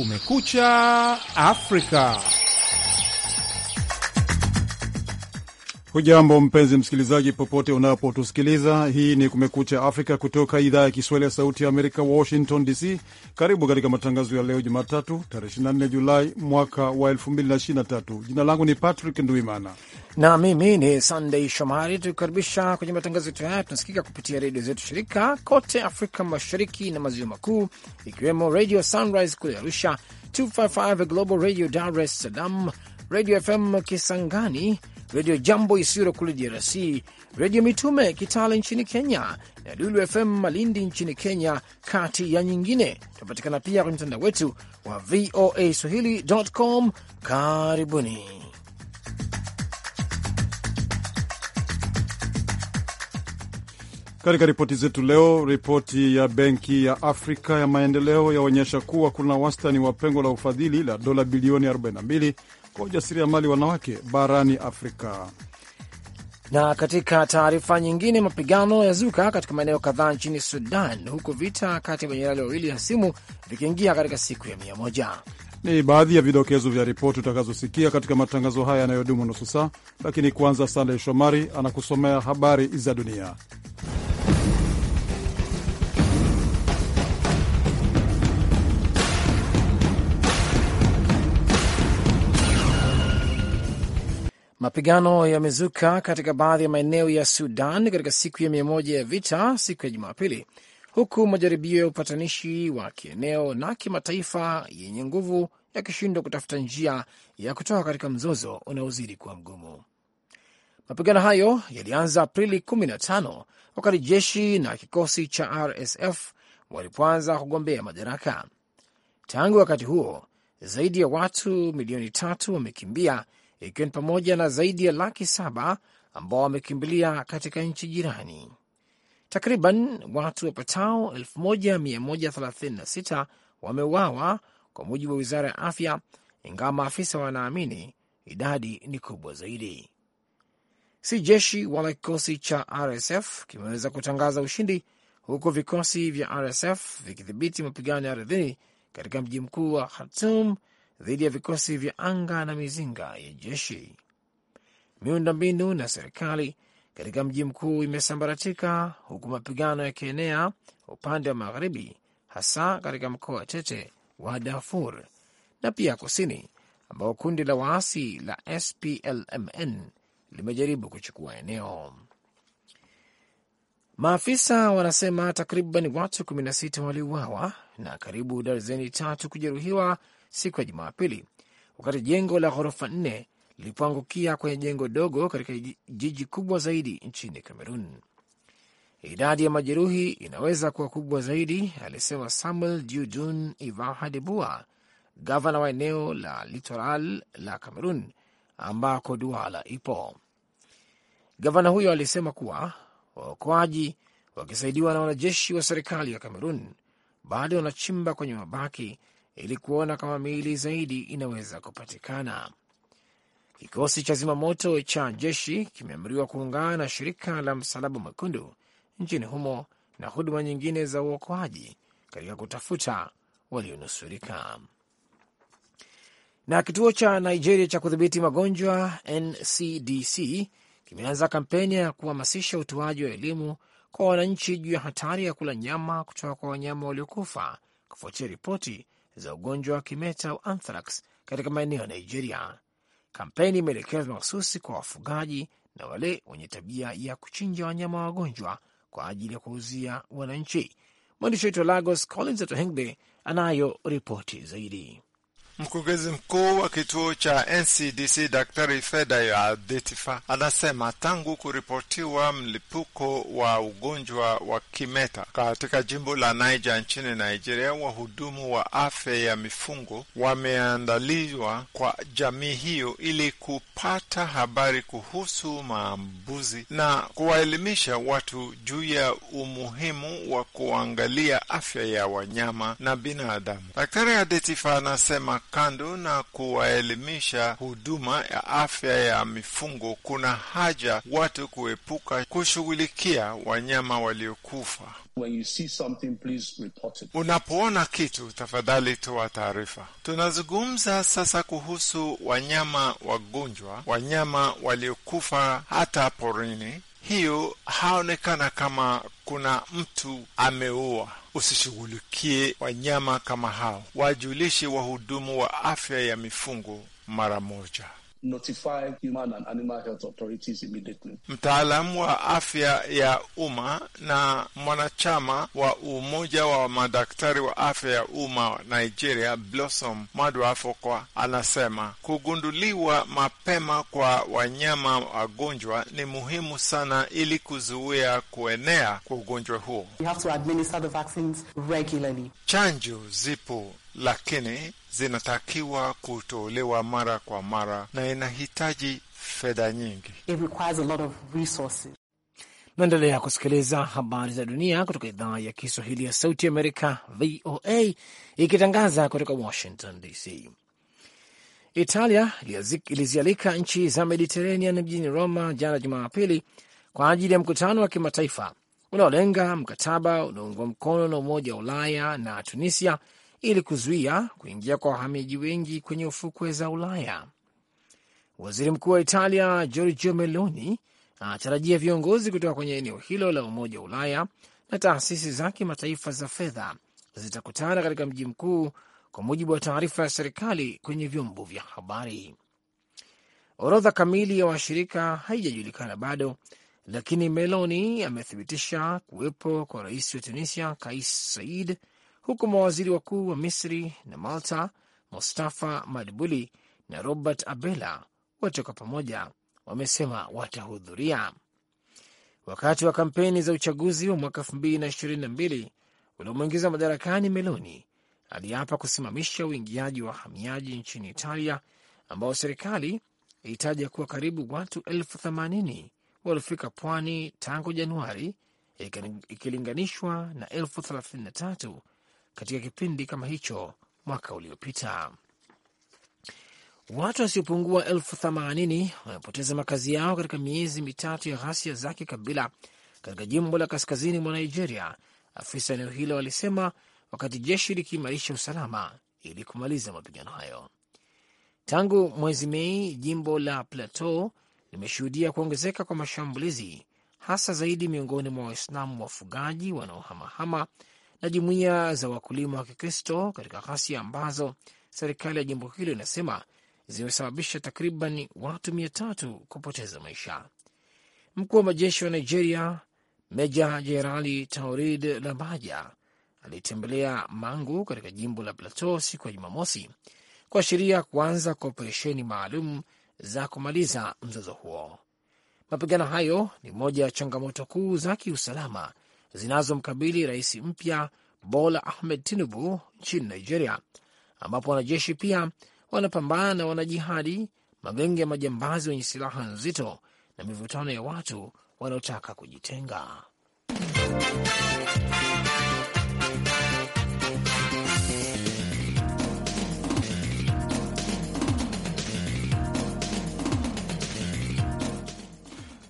Kumekucha Afrika. Hujambo mpenzi msikilizaji, popote unapotusikiliza. Hii ni Kumekucha Afrika kutoka idhaa ya Kiswahili ya Sauti ya Amerika, Washington DC. Karibu katika matangazo ya leo Jumatatu, tarehe 24 Julai mwaka wa 2023. Jina langu ni Patrick Nduimana na mimi ni Sandei Shomari. tukikaribisha kwenye matangazo yetu haya. Tunasikika kupitia redio zetu shirika kote Afrika Mashariki na Maziwa Makuu, ikiwemo Radio Sunrise kule Arusha, 255 Global Radio Dar es Salaam, Radio FM Kisangani, redio Jambo Isiro kule DRC, redio Mitume Kitale nchini Kenya na Lulu FM Malindi nchini Kenya, kati ya nyingine. Tunapatikana pia kwenye mtandao wetu wa VOA Swahili.com. Karibuni katika ripoti zetu leo. Ripoti ya Benki ya Afrika ya Maendeleo yaonyesha kuwa kuna wastani wa pengo la ufadhili la dola bilioni kwa ujasiriamali wanawake barani Afrika. Na katika taarifa nyingine, mapigano yazuka katika maeneo kadhaa nchini Sudan, huku vita kati ya majenerali wawili hasimu vikiingia katika siku ya mia moja. Ni baadhi ya vidokezo vya ripoti utakazosikia katika matangazo haya yanayodumu nusu saa, lakini kwanza, Sandey Shomari anakusomea habari za dunia. Mapigano yamezuka katika baadhi ya maeneo ya Sudan katika siku ya mia moja ya vita siku ya Jumapili, huku majaribio ya upatanishi wa kieneo na kimataifa yenye nguvu yakishindwa kutafuta njia ya kutoka katika mzozo unaozidi kuwa mgumu. Mapigano hayo yalianza Aprili 15 wakati jeshi na kikosi cha RSF walipoanza kugombea madaraka. Tangu wakati huo zaidi ya watu milioni tatu wamekimbia ikiwa ni pamoja na zaidi ya laki saba ambao wamekimbilia katika nchi jirani. Takriban watu wapatao 1136 wameuawa kwa mujibu wa wizara ya afya, ingawa maafisa wanaamini idadi ni kubwa zaidi. Si jeshi wala kikosi cha RSF kimeweza kutangaza ushindi, huku vikosi vya RSF vikidhibiti mapigano ya ardhini katika mji mkuu wa Khartum dhidi ya vikosi vya anga na mizinga ya jeshi. Miundombinu na serikali katika mji mkuu imesambaratika huku mapigano yakienea upande wa magharibi, hasa katika mkoa tete wa Darfur na pia kusini, ambao kundi la waasi la SPLMN limejaribu kuchukua eneo. Maafisa wanasema takriban watu 16 waliuawa na karibu darzeni tatu kujeruhiwa siku ya Jumapili wakati jengo la ghorofa nne lilipoangukia kwenye jengo dogo katika jiji kubwa zaidi nchini Kamerun. Idadi ya majeruhi inaweza kuwa kubwa zaidi, alisema Samuel Djudjun Ivaha Debua, gavana wa eneo la Litoral la Kamerun ambako Duala ipo. Gavana huyo alisema kuwa waokoaji wakisaidiwa na wanajeshi wa serikali ya Kamerun bado wanachimba kwenye mabaki ili kuona kama miili zaidi inaweza kupatikana. Kikosi cha zimamoto cha jeshi kimeamriwa kuungana na shirika la Msalaba Mwekundu nchini humo na huduma nyingine za uokoaji katika kutafuta walionusurika. Na kituo cha Nigeria cha kudhibiti magonjwa NCDC kimeanza kampeni ya kuhamasisha utoaji wa elimu kwa wananchi juu ya hatari ya kula nyama kutoka kwa wanyama waliokufa kufuatia ripoti za ugonjwa wa kimeta au anthrax katika maeneo ya Nigeria. Kampeni imeelekezwa mahususi kwa wafugaji na wale wenye tabia ya kuchinja wanyama wagonjwa kwa ajili ya kuuzia wananchi. Mwandishi wetu wa Lagos, Collins Atohengle, anayo ripoti zaidi. Mkurugenzi mkuu wa kituo cha NCDC Daktari ya Adetifa anasema tangu kuripotiwa mlipuko wa ugonjwa wa kimeta katika jimbo la Niger nchini Nigeria, wahudumu wa afya ya mifugo wameandaliwa kwa jamii hiyo ili kupata habari kuhusu maambuzi na kuwaelimisha watu juu ya umuhimu wa kuangalia afya ya wanyama na binadamu. Daktari Adetifa anasema kando na kuwaelimisha huduma ya afya ya mifugo, kuna haja watu kuepuka kushughulikia wanyama waliokufa. Unapoona kitu tafadhali toa taarifa. Tunazungumza sasa kuhusu wanyama wagonjwa, wanyama waliokufa hata porini hiyo haonekana kama kuna mtu ameua. Usishughulikie wanyama kama hao, wajulishe wahudumu wa afya ya mifugo mara moja notify human and animal health authorities immediately. Mtaalamu wa afya ya umma na mwanachama wa umoja wa madaktari wa afya ya umma wa Nigeria, Blossom Madwafokwa, anasema kugunduliwa mapema kwa wanyama wagonjwa ni muhimu sana ili kuzuia kuenea kwa ugonjwa huo. Chanjo zipo lakini zinatakiwa kutolewa mara kwa mara na inahitaji fedha nyingi. Naendelea kusikiliza habari za dunia kutoka idhaa ya Kiswahili ya Sauti Amerika, VOA, ikitangaza kutoka Washington DC. Italia ilizialika nchi za Mediterranean mjini Roma jana Jumapili kwa ajili ya mkutano wa kimataifa unaolenga mkataba unaoungwa mkono na Umoja wa Ulaya na Tunisia ili kuzuia kuingia kwa wahamiaji wengi kwenye ufukwe za Ulaya. Waziri mkuu wa Italia Giorgio Meloni anatarajia viongozi kutoka kwenye eneo hilo la Umoja wa Ulaya na taasisi za kimataifa za fedha zitakutana katika mji mkuu, kwa mujibu wa taarifa ya serikali kwenye vyombo vya habari. Orodha kamili ya washirika haijajulikana bado, lakini Meloni amethibitisha kuwepo kwa rais wa Tunisia Kais Saied huku mawaziri wakuu wa Misri na Malta Mustafa Madbuli na Robert Abela wote kwa pamoja wamesema watahudhuria. Wakati wa kampeni za uchaguzi wa mwaka mbili uliomwingiza madarakani Meloni aliapa kusimamisha uingiaji wa wahamiaji nchini Italia, ambao serikali ilitaja kuwa karibu watu elfu themanini waliofika pwani tangu Januari ikilinganishwa na elfu thelathini na tatu katika kipindi kama hicho mwaka uliopita. Watu wasiopungua elfu themanini wamepoteza makazi yao katika miezi mitatu ya ghasia za kikabila katika jimbo la kaskazini mwa Nigeria, afisa eneo hilo walisema, wakati jeshi likiimarisha usalama ili kumaliza mapigano hayo. Tangu mwezi Mei, jimbo la Plateau limeshuhudia kuongezeka kwa mashambulizi, hasa zaidi miongoni mwa Waislamu wafugaji wanaohamahama na jumuiya za wakulima wa Kikristo katika ghasia ambazo serikali ya jimbo hilo inasema zimesababisha takriban watu mia tatu kupoteza maisha. Mkuu wa majeshi wa Nigeria Meja Jenerali Taurid Labaja alitembelea Mangu katika jimbo la Plateau siku ya Jumamosi kuashiria kuanza kwa operesheni maalum za kumaliza mzozo huo. Mapigano hayo ni moja ya changamoto kuu za kiusalama zinazomkabili rais mpya Bola Ahmed Tinubu nchini Nigeria, ambapo wanajeshi pia wanapambana na wanajihadi, magenge ya majambazi wenye silaha nzito na mivutano ya watu wanaotaka kujitenga.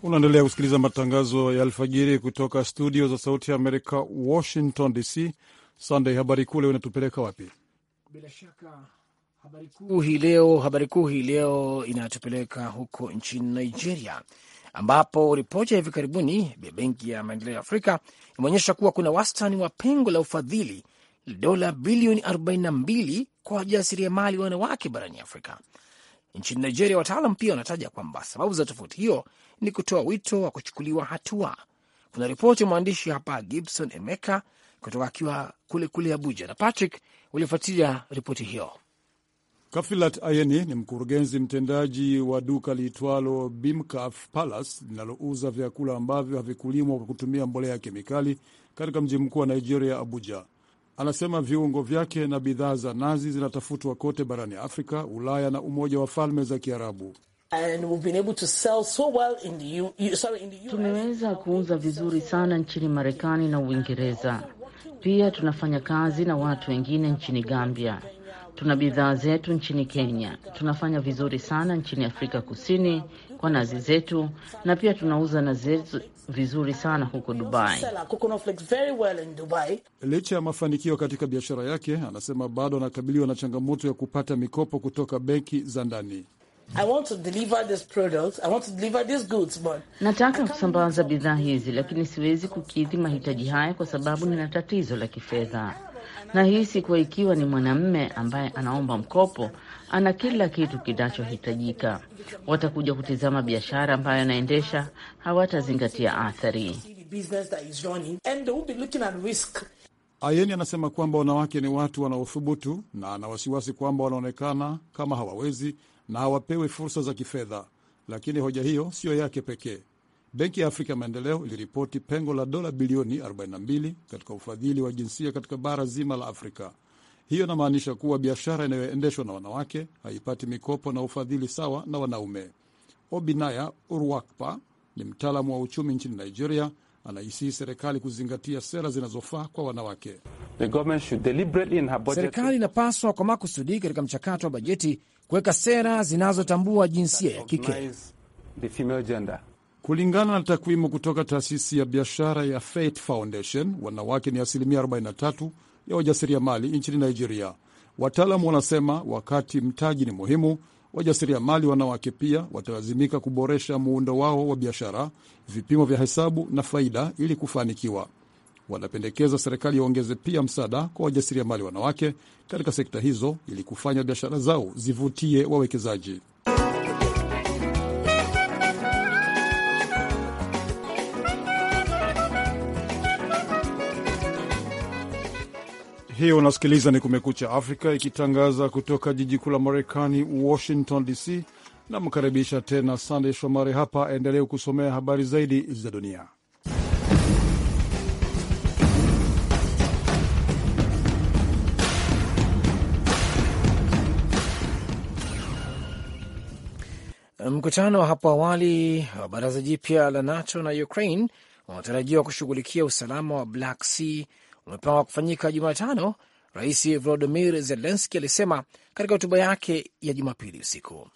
Unaendelea kusikiliza matangazo ya alfajiri kutoka studio za Sauti ya Amerika, Washington DC. Sunday, habari kuu leo inatupeleka wapi? Bila shaka habari kuu hii leo, habari kuu hii leo inatupeleka huko nchini Nigeria, ambapo ripoti ya hivi karibuni ya Benki ya Maendeleo ya Afrika imeonyesha kuwa kuna wastani wa pengo la ufadhili dola bilioni 42 kwa wajasiriamali wanawake barani Afrika. Nchini Nigeria, wataalam pia wanataja kwamba sababu za tofauti hiyo ni kutoa wito wa kuchukuliwa hatua. Kuna ripoti ya mwandishi hapa Gibson Emeka kutoka akiwa kule kule Abuja, na Patrick ulifuatilia ripoti hiyo. Kafilat Ayeni ni mkurugenzi mtendaji wa duka liitwalo Bimkaf Palace linalouza vyakula ambavyo havikulimwa kwa kutumia mbolea ya kemikali katika mji mkuu wa Nigeria, Abuja. Anasema viungo vyake na bidhaa za nazi zinatafutwa kote barani Afrika, Ulaya na Umoja wa Falme za Kiarabu. Tumeweza kuuza vizuri sana nchini Marekani na Uingereza. Pia tunafanya kazi na watu wengine nchini Gambia. Tuna bidhaa zetu nchini Kenya. Tunafanya vizuri sana nchini Afrika Kusini kwa nazi zetu, na pia tunauza nazi zetu vizuri sana huko Dubai. Licha ya mafanikio katika biashara yake, anasema bado anakabiliwa na changamoto ya kupata mikopo kutoka benki za ndani. I want to deliver this product, I want to deliver these goods, but nataka kusambaza bidhaa hizi, lakini siwezi kukidhi mahitaji haya kwa sababu nina tatizo la kifedha. Na si kuwa ikiwa ni mwanamme ambaye anaomba mkopo, ana kila kitu kinachohitajika. Watakuja kutizama biashara ambayo anaendesha, hawatazingatia athari. Ayeni anasema kwamba wanawake ni watu wanaothubutu na ana wasiwasi kwamba wanaonekana kama hawawezi na hawapewi fursa za kifedha. Lakini hoja hiyo siyo yake pekee. Benki ya Afrika ya Maendeleo iliripoti pengo la dola bilioni 42 katika ufadhili wa jinsia katika bara zima la Afrika. Hiyo inamaanisha kuwa biashara inayoendeshwa na wanawake haipati mikopo na ufadhili sawa na wanaume. Obinaya urwakpa ni mtaalamu wa uchumi nchini Nigeria anaisihi serikali kuzingatia sera zinazofaa kwa wanawake. Serikali inapaswa kwa makusudi katika mchakato wa bajeti kuweka sera zinazotambua jinsia ya kike. Kulingana na takwimu kutoka taasisi ya biashara ya Fate Foundation, wanawake ni asilimia 43 ya wajasiriamali nchini Nigeria. Wataalamu wanasema wakati mtaji ni muhimu Wajasiriamali wanawake pia watalazimika kuboresha muundo wao wa biashara, vipimo vya hesabu na faida ili kufanikiwa. Wanapendekeza serikali iongeze pia msaada kwa wajasiriamali wanawake katika sekta hizo ili kufanya biashara zao zivutie wawekezaji. hiyo unasikiliza ni Kumekucha Afrika ikitangaza kutoka jiji kuu la Marekani, Washington DC. Namkaribisha tena Sandey Shomari hapa aendelee kusomea habari zaidi za dunia. Mkutano wa hapo awali wa baraza jipya la NATO na Ukraine unatarajiwa kushughulikia usalama wa Black Sea umepangwa kufanyika Jumatano, Rais Volodimir Zelenski alisema katika hotuba yake ya Jumapili usiku.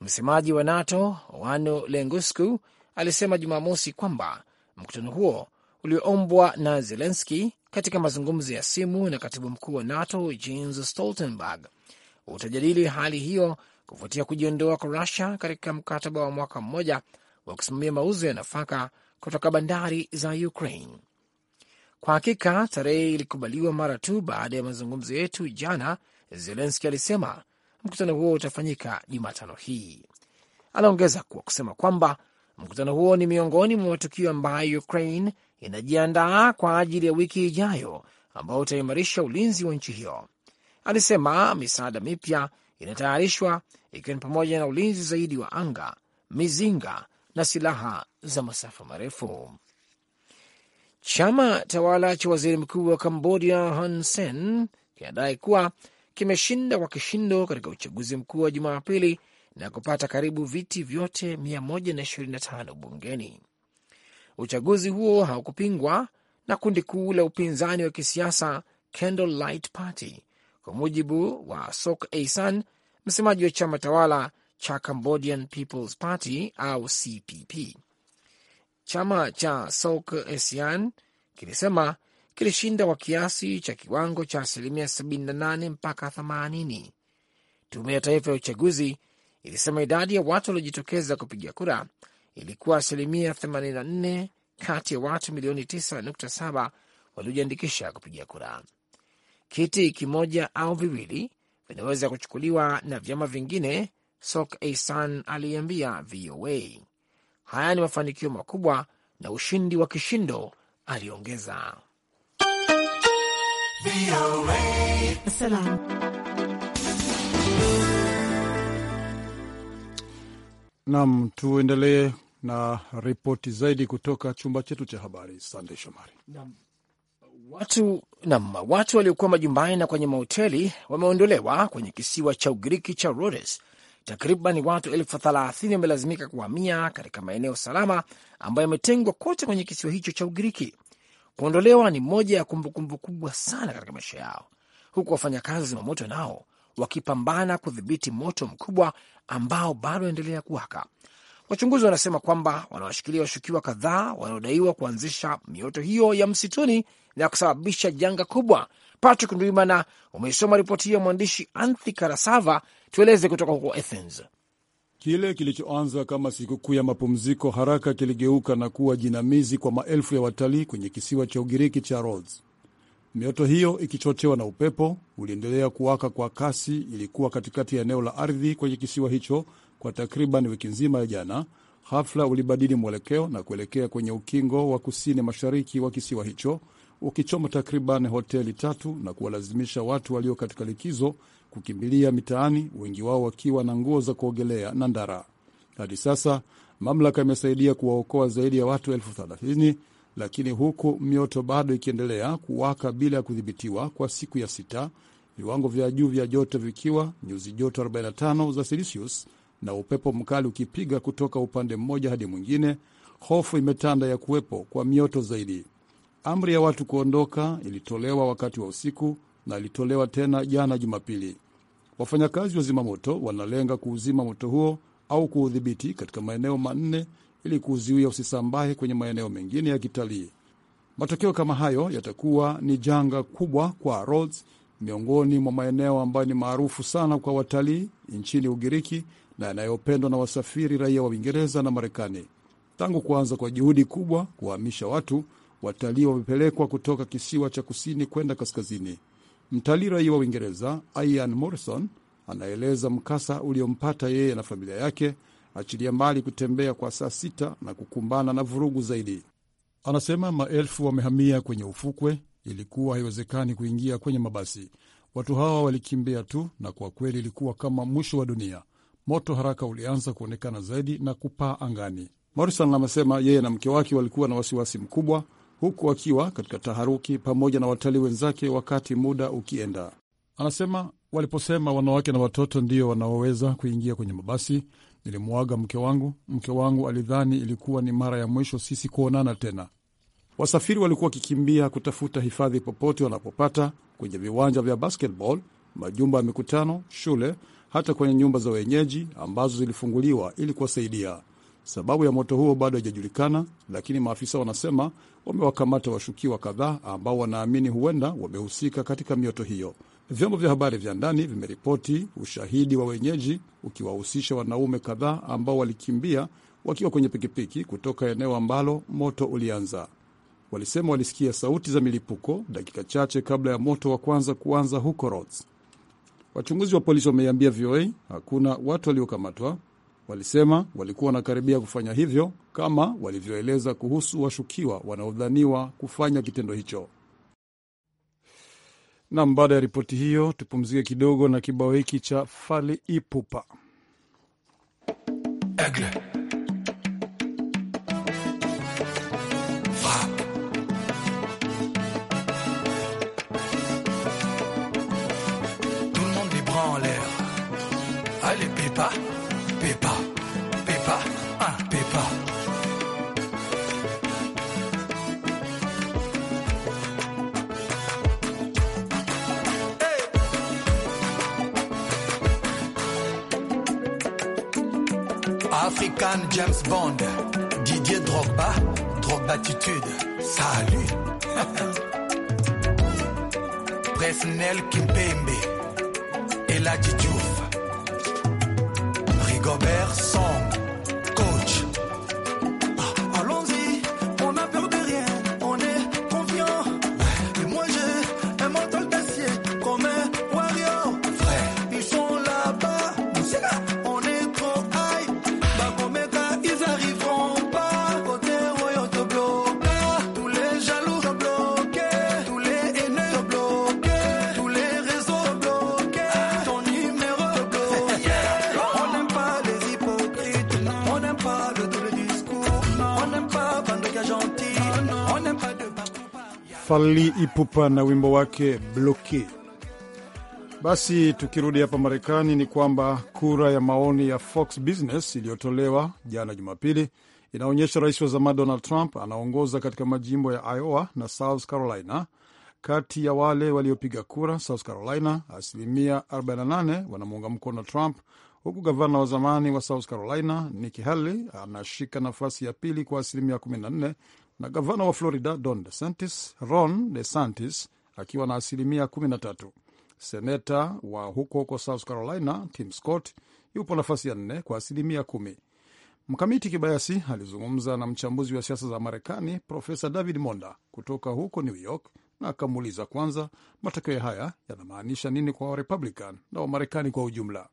Msemaji wa NATO Wano Lengusku alisema Jumamosi kwamba mkutano huo ulioombwa na Zelenski katika mazungumzo ya simu na katibu mkuu wa NATO Jens Stoltenberg utajadili hali hiyo kufuatia kujiondoa kwa Rusia katika mkataba wa mwaka mmoja wa kusimamia mauzo ya nafaka kutoka bandari za Ukraine. Kwa hakika tarehe ilikubaliwa mara tu baada ya mazungumzo yetu jana, Zelenski alisema. Mkutano huo utafanyika Jumatano hii. Anaongeza kwa kusema kwamba mkutano huo ni miongoni mwa matukio ambayo Ukraine inajiandaa kwa ajili ya wiki ijayo ambao utaimarisha ulinzi wa nchi hiyo. Alisema misaada mipya inatayarishwa ikiwa ni pamoja na ulinzi zaidi wa anga, mizinga na silaha za masafa marefu. Chama tawala cha waziri mkuu wa Kambodia Hun Sen kinadai kuwa kimeshinda kwa kishindo katika uchaguzi mkuu wa Jumapili na kupata karibu viti vyote 125 bungeni. Uchaguzi huo haukupingwa na kundi kuu la upinzani wa kisiasa Candlelight Party, kwa mujibu wa Sok Eisan, msemaji wa chama tawala cha Cambodian People's Party au CPP. Chama cha Sok Esian kilisema kilishinda kwa kiasi cha kiwango cha asilimia 78 mpaka 80. Tume ya Taifa ya Uchaguzi ilisema idadi ya watu waliojitokeza kupiga kura ilikuwa asilimia 84 kati ya watu milioni 9.7 waliojiandikisha kupiga kura. Kiti kimoja au viwili vinaweza kuchukuliwa na vyama vingine, Sok Eisan aliambia VOA haya ni mafanikio makubwa na ushindi wa kishindo, aliongeza. Nam, tuendelee na ripoti zaidi kutoka chumba chetu cha habari. Sande Shomari. Nam, watu, watu waliokuwa majumbani na kwenye mahoteli wameondolewa kwenye kisiwa cha Ugiriki cha Rhodes Takriban watu elfu thelathini wamelazimika kuhamia katika maeneo salama ambayo yametengwa kote kwenye kisiwa hicho cha Ugiriki. Kuondolewa ni moja ya kumbukumbu kubwa sana katika maisha yao, huku wafanyakazi zimamoto nao wakipambana kudhibiti moto mkubwa ambao bado endelea kuwaka. Wachunguzi wanasema kwamba wanawashikilia washukiwa kadhaa wanaodaiwa kuanzisha mioto hiyo ya msituni na kusababisha janga kubwa Patrick Ndwimana, umeisoma ripoti hiyo ya mwandishi Anthi Karasava. Tueleze kutoka huko Athens. Kile kilichoanza kama sikukuu ya mapumziko haraka kiligeuka na kuwa jinamizi kwa maelfu ya watalii kwenye kisiwa cha Ugiriki cha Rhodes. Mioto hiyo ikichochewa na upepo uliendelea kuwaka kwa kasi, ilikuwa katikati ya eneo la ardhi kwenye kisiwa hicho kwa takriban wiki nzima ya jana. Hafla ulibadili mwelekeo na kuelekea kwenye ukingo wa kusini mashariki wa kisiwa hicho ukichoma takriban hoteli tatu na kuwalazimisha watu walio katika likizo kukimbilia mitaani, wengi wao wakiwa na nguo za kuogelea na ndara. Hadi sasa mamlaka imesaidia kuwaokoa zaidi ya watu elfu thelathini lakini huku mioto bado ikiendelea kuwaka bila ya kudhibitiwa kwa siku ya sita, viwango vya juu vya joto vikiwa nyuzi joto 45 za Celsius na upepo mkali ukipiga kutoka upande mmoja hadi mwingine, hofu imetanda ya kuwepo kwa mioto zaidi. Amri ya watu kuondoka ilitolewa wakati wa usiku na ilitolewa tena jana Jumapili. Wafanyakazi wa zimamoto wanalenga kuuzima moto huo au kuudhibiti katika maeneo manne ili kuuziwia usisambahe kwenye maeneo mengine ya kitalii. Matokeo kama hayo yatakuwa ni janga kubwa kwa Rhodes, miongoni mwa maeneo ambayo ni maarufu sana kwa watalii nchini Ugiriki na yanayopendwa na wasafiri raia wa Uingereza na Marekani. Tangu kuanza kwa juhudi kubwa kuwahamisha watu Watalii wamepelekwa kutoka kisiwa cha kusini kwenda kaskazini. Mtalii raia wa Uingereza Ian Morrison anaeleza mkasa uliompata yeye na familia yake, achilia mbali kutembea kwa saa sita na kukumbana na vurugu zaidi. Anasema maelfu wamehamia kwenye ufukwe, ilikuwa haiwezekani kuingia kwenye mabasi. Watu hawa walikimbia tu, na kwa kweli ilikuwa kama mwisho wa dunia. Moto haraka ulianza kuonekana zaidi na kupaa angani. Morrison amesema yeye na mke wake walikuwa na wasiwasi mkubwa huku akiwa katika taharuki pamoja na watalii wenzake wakati muda ukienda. Anasema waliposema wanawake na watoto ndio wanaoweza kuingia kwenye mabasi, nilimwaga mke wangu. Mke wangu alidhani ilikuwa ni mara ya mwisho sisi kuonana tena. Wasafiri walikuwa wakikimbia kutafuta hifadhi popote wanapopata, kwenye viwanja vya basketball, majumba ya mikutano, shule, hata kwenye nyumba za wenyeji ambazo zilifunguliwa ili kuwasaidia. Sababu ya moto huo bado haijajulikana, lakini maafisa wanasema wamewakamata washukiwa kadhaa ambao wanaamini huenda wamehusika katika mioto hiyo. Vyombo vya habari vya ndani vimeripoti ushahidi wa wenyeji ukiwahusisha wanaume kadhaa ambao walikimbia wakiwa kwenye pikipiki kutoka eneo ambalo moto ulianza. Walisema walisikia sauti za milipuko dakika chache kabla ya moto wa kwanza kuanza huko Rhodes. Wachunguzi wa polisi wameiambia VOA hakuna watu waliokamatwa Walisema walikuwa wanakaribia kufanya hivyo kama walivyoeleza kuhusu washukiwa wanaodhaniwa kufanya kitendo hicho. Nam, baada ya ripoti hiyo, tupumzike kidogo na kibao hiki cha Fali Ipupa Agre. James Bond, Didier Drogba, Drogba attitude, salut. Presnel Kimpembe, et la Rigobert Son. Fali Ipupa na wimbo wake Bloki. Basi tukirudi hapa Marekani, ni kwamba kura ya maoni ya Fox Business iliyotolewa jana Jumapili inaonyesha rais wa zamani Donald Trump anaongoza katika majimbo ya Iowa na South Carolina. Kati ya wale waliopiga kura South Carolina, asilimia 48 wanamuunga mkono Trump, huku gavana wa zamani wa South Carolina Nikki Haley anashika nafasi ya pili kwa asilimia 14 na gavana wa Florida Don DeSantis, Ron DeSantis akiwa na asilimia 13. Seneta wa huko huko South Carolina Tim Scott yupo nafasi ya nne kwa asilimia kumi. Mkamiti Kibayasi alizungumza na mchambuzi wa siasa za Marekani Profesa David Monda kutoka huko New York na akamuuliza kwanza matokeo haya yanamaanisha nini kwa Warepublican na Wamarekani kwa ujumla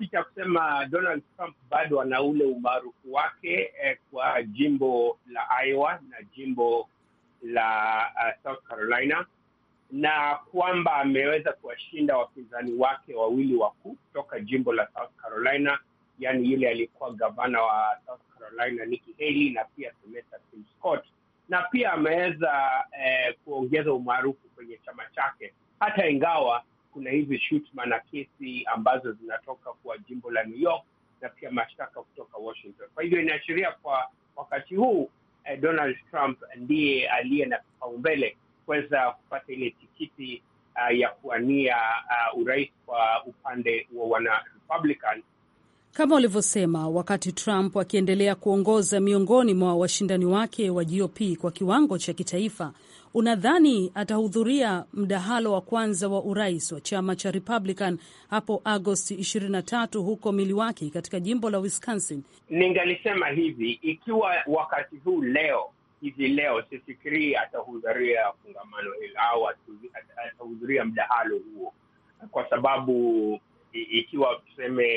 picha kusema Donald Trump bado ana ule umaarufu wake eh, kwa jimbo la Iowa na jimbo la uh, South Carolina na kwamba ameweza kuwashinda wapinzani wake wawili wakuu kutoka jimbo la South Carolina, yaani yule aliyekuwa gavana wa South Carolina Nikki Haley na pia seneta Tim Scott, na pia ameweza eh, kuongeza umaarufu kwenye chama chake hata ingawa kuna hizi shutuma na kesi ambazo zinatoka kwa jimbo la New York na pia mashtaka kutoka Washington. Kwa hivyo inaashiria kwa wakati huu eh, Donald Trump ndiye aliye na kipaumbele kuweza kupata ile tikiti uh, ya kuwania uh, urais kwa upande wa wana Republican. Kama ulivyosema, wakati Trump akiendelea kuongoza miongoni mwa washindani wake wa GOP kwa kiwango cha kitaifa Unadhani atahudhuria mdahalo wa kwanza wa urais wa chama cha Republican hapo Agosti 23 huko Milwaukee katika jimbo la Wisconsin? Ningalisema hivi, ikiwa wakati huu leo hivi leo, sifikirii atahudhuria fungamano hilo au atahudhuria mdahalo huo, kwa sababu ikiwa tuseme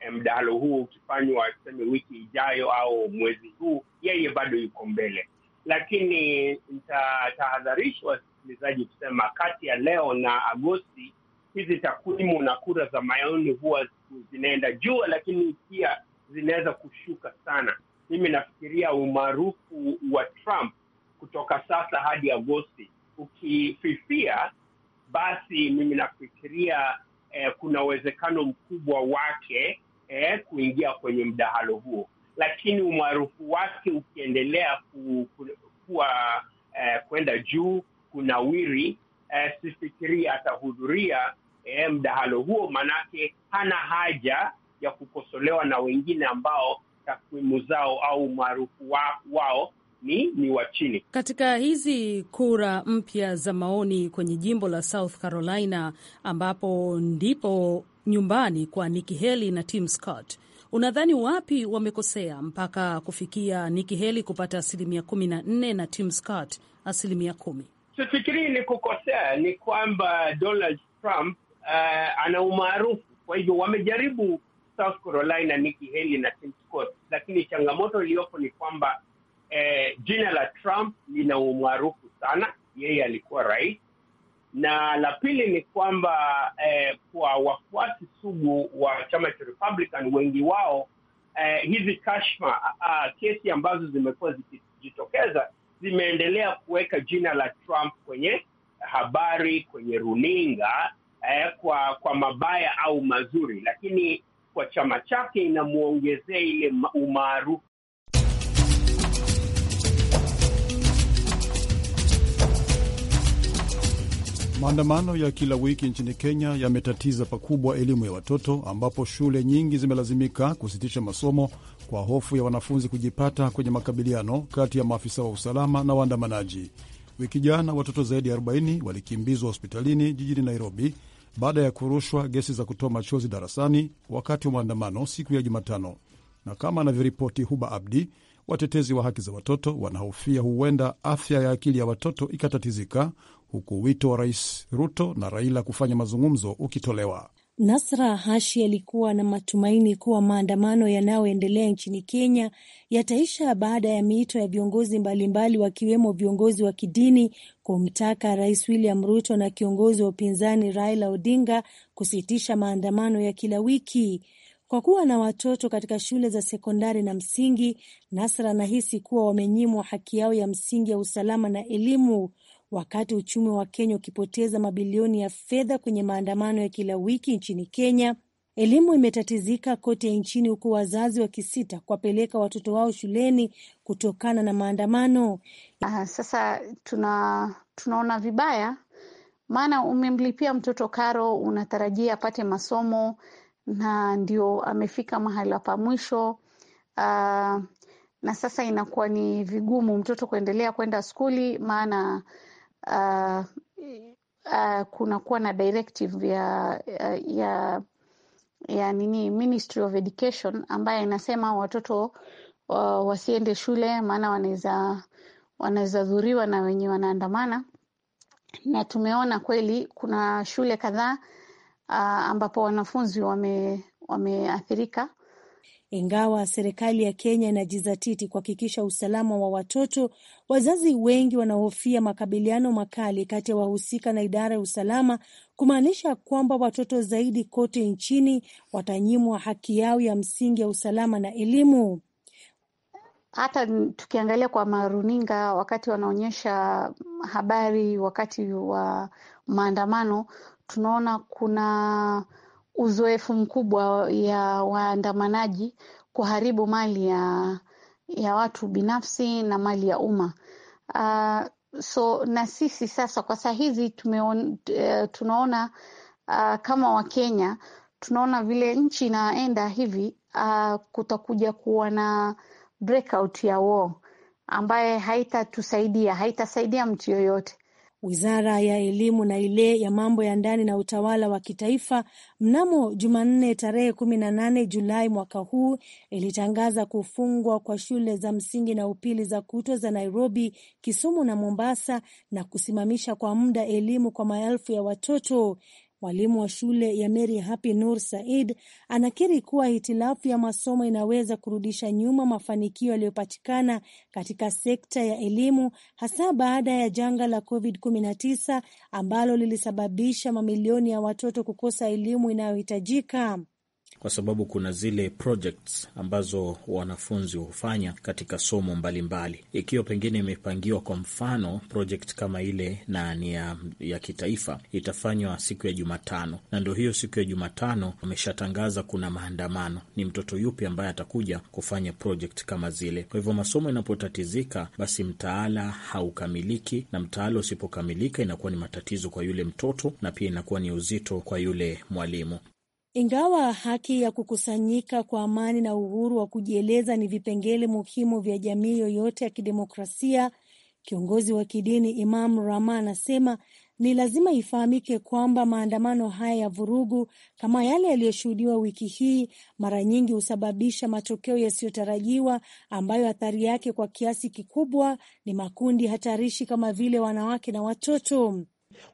eh, mdahalo huu ukifanywa tuseme wiki ijayo au mwezi huu, yeye bado yuko mbele lakini nitatahadharisha wasikilizaji kusema kati ya leo na Agosti hizi takwimu na kura za maoni huwa zinaenda juu, lakini pia zinaweza kushuka sana. Mimi nafikiria umaarufu wa Trump kutoka sasa hadi Agosti ukififia, basi mimi nafikiria eh, kuna uwezekano mkubwa wake eh, kuingia kwenye mdahalo huo lakini umaarufu wake ukiendelea ku, ku, kuwa eh, kwenda juu kuna wiri eh, sifikirii atahudhuria eh, mdahalo huo, maanake hana haja ya kukosolewa na wengine ambao takwimu zao au umaarufu wa, wao ni, ni wa chini. Katika hizi kura mpya za maoni kwenye jimbo la South Carolina ambapo ndipo nyumbani kwa Nikki Haley na Tim Scott Unadhani wapi wamekosea mpaka kufikia Nikki Haley kupata asilimia kumi na nne na Tim Scott asilimia kumi? Sifikirii ni kukosea, ni kwamba Donald Trump uh, ana umaarufu. Kwa hivyo wamejaribu South Carolina, Nikki Haley na Tim Scott, lakini changamoto iliyopo ni kwamba eh, jina la Trump lina umaarufu sana. Yeye alikuwa rais na la pili ni kwamba eh, kwa wafuasi sugu wa chama cha Republican wengi wao eh, hizi kashfa ah, ah, kesi ambazo zimekuwa zikijitokeza zimeendelea kuweka jina la Trump kwenye habari, kwenye runinga eh, kwa kwa mabaya au mazuri, lakini kwa chama chake inamwongezea ile umaarufu Maandamano ya kila wiki nchini Kenya yametatiza pakubwa elimu ya watoto ambapo shule nyingi zimelazimika kusitisha masomo kwa hofu ya wanafunzi kujipata kwenye makabiliano kati ya maafisa wa usalama na waandamanaji. Wiki jana watoto zaidi ya 40 walikimbizwa hospitalini jijini Nairobi baada ya kurushwa gesi za kutoa machozi darasani wakati wa maandamano siku ya Jumatano. Na kama anavyoripoti Huba Abdi, watetezi wa haki za watoto wanahofia huenda afya ya akili ya watoto ikatatizika huku wito wa Rais Ruto na Raila kufanya mazungumzo ukitolewa. Nasra Hashi alikuwa na matumaini kuwa maandamano yanayoendelea nchini Kenya yataisha baada ya miito ya viongozi mbalimbali wakiwemo viongozi wa kidini kumtaka Rais William Ruto na kiongozi wa upinzani Raila Odinga kusitisha maandamano ya kila wiki. Kwa kuwa na watoto katika shule za sekondari na msingi, Nasra anahisi kuwa wamenyimwa haki yao ya msingi ya usalama na elimu wakati uchumi wa Kenya ukipoteza mabilioni ya fedha kwenye maandamano ya kila wiki nchini Kenya. Elimu imetatizika kote nchini huku wazazi wakisita kuwapeleka watoto wao shuleni kutokana na maandamano. Uh, sasa tuna, tunaona vibaya maana umemlipia mtoto karo, unatarajia apate masomo na ndio amefika mahala pa mwisho. Uh, na sasa inakuwa ni vigumu mtoto kuendelea kwenda skuli maana uh, uh, kunakuwa na directive ya, ya, uh, ya, ya nini Ministry of Education ambayo inasema watoto uh, wasiende shule maana wanaweza wanaweza dhuriwa na wenye wanaandamana, na tumeona kweli kuna shule kadhaa uh, ambapo wanafunzi wame, wameathirika ingawa serikali ya Kenya inajizatiti kuhakikisha usalama wa watoto, wazazi wengi wanahofia makabiliano makali kati ya wahusika na idara ya usalama, kumaanisha kwamba watoto zaidi kote nchini watanyimwa haki yao ya msingi ya usalama na elimu. Hata tukiangalia kwa maruninga, wakati wanaonyesha habari wakati wa maandamano, tunaona kuna uzoefu mkubwa ya waandamanaji kuharibu mali ya ya watu binafsi na mali ya umma. Uh, so na sisi sasa kwa saa hizi tumeon, uh, tunaona uh, kama Wakenya tunaona vile nchi inaenda hivi uh, kutakuja kuwa na breakout ya war ambaye haitatusaidia haitasaidia mtu yoyote wizara ya elimu na ile ya mambo ya ndani na utawala wa kitaifa mnamo Jumanne tarehe 18 Julai mwaka huu ilitangaza kufungwa kwa shule za msingi na upili za kutwa za Nairobi, Kisumu na Mombasa na kusimamisha kwa muda elimu kwa maelfu ya watoto. Mwalimu wa shule ya Mary Happy Nur Said anakiri kuwa hitilafu ya masomo inaweza kurudisha nyuma mafanikio yaliyopatikana katika sekta ya elimu hasa baada ya janga la COVID-19 ambalo lilisababisha mamilioni ya watoto kukosa elimu inayohitajika kwa sababu kuna zile projects ambazo wanafunzi hufanya katika somo mbalimbali mbali. Ikiwa pengine imepangiwa kwa mfano project kama ile na ni ya, ya kitaifa itafanywa siku ya Jumatano, na ndo hiyo siku ya Jumatano wameshatangaza kuna maandamano, ni mtoto yupi ambaye atakuja kufanya project kama zile. Kwa hivyo masomo inapotatizika, basi mtaala haukamiliki, na mtaala usipokamilika inakuwa ni matatizo kwa yule mtoto na pia inakuwa ni uzito kwa yule mwalimu. Ingawa haki ya kukusanyika kwa amani na uhuru wa kujieleza ni vipengele muhimu vya jamii yoyote ya kidemokrasia, kiongozi wa kidini Imam Rama anasema ni lazima ifahamike kwamba maandamano haya ya vurugu kama yale yaliyoshuhudiwa wiki hii mara nyingi husababisha matokeo yasiyotarajiwa ambayo athari yake kwa kiasi kikubwa ni makundi hatarishi kama vile wanawake na watoto.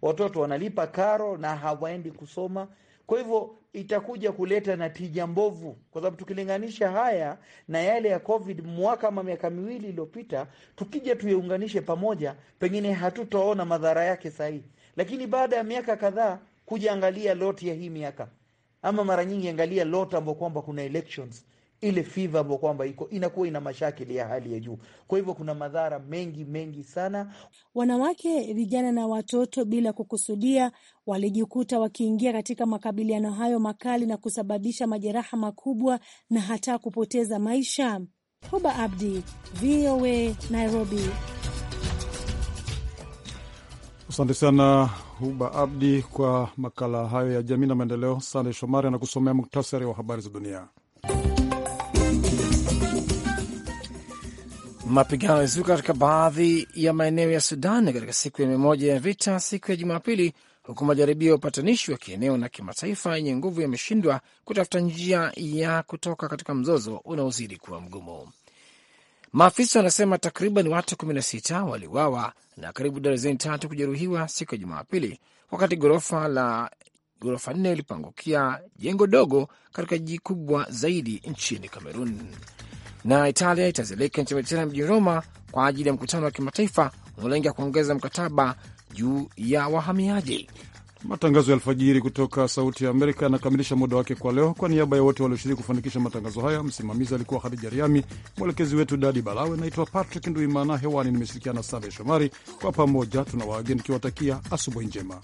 Watoto wanalipa karo na hawaendi kusoma kwa hivyo itakuja kuleta natija mbovu, kwa sababu tukilinganisha haya na yale ya COVID mwaka ama miaka miwili iliyopita, tukija tuyaunganishe pamoja, pengine hatutaona madhara yake sahihi, lakini baada ya miaka kadhaa kuja, angalia lot ya hii miaka ama mara nyingi angalia lot ambao kwamba kuna elections ile fiva ambayo kwamba iko inakuwa ina mashakili ya hali ya juu. Kwa hivyo kuna madhara mengi mengi sana. Wanawake, vijana na watoto bila kukusudia walijikuta wakiingia katika makabiliano hayo makali na kusababisha majeraha makubwa na hata kupoteza maisha. Huba Abdi, VOA Nairobi. Asante sana Huba Abdi kwa makala hayo ya jamii na maendeleo. Sande Shomari anakusomea muktasari wa habari za dunia. Mapigano yalizuka katika baadhi ya maeneo ya Sudan katika siku ya mia moja ya vita siku ya Jumapili, huku majaribio ya upatanishi wa kieneo na kimataifa yenye nguvu yameshindwa kutafuta njia ya kutoka katika mzozo unaozidi kuwa mgumu. Maafisa wanasema takriban watu 16 waliuawa na karibu darazeni tatu kujeruhiwa siku ya Jumapili wakati ghorofa la ghorofa nne ilipoangukia jengo dogo katika jiji kubwa zaidi nchini Kamerun. Na Italia itazilika nchini Mediterea mjini Roma kwa ajili ya mkutano wa kimataifa unaolenga kuongeza mkataba juu ya wahamiaji. Matangazo ya alfajiri kutoka Sauti ya Amerika yanakamilisha muda wake kwa leo. Kwa niaba ya wote walioshiriki kufanikisha matangazo haya, msimamizi alikuwa Hadija Riami, mwelekezi wetu Dadi Balawe. Naitwa Patrick Nduimana, hewani nimeshirikiana na Sande Shomari. Kwa pamoja tuna waageni tukiwatakia asubuhi njema.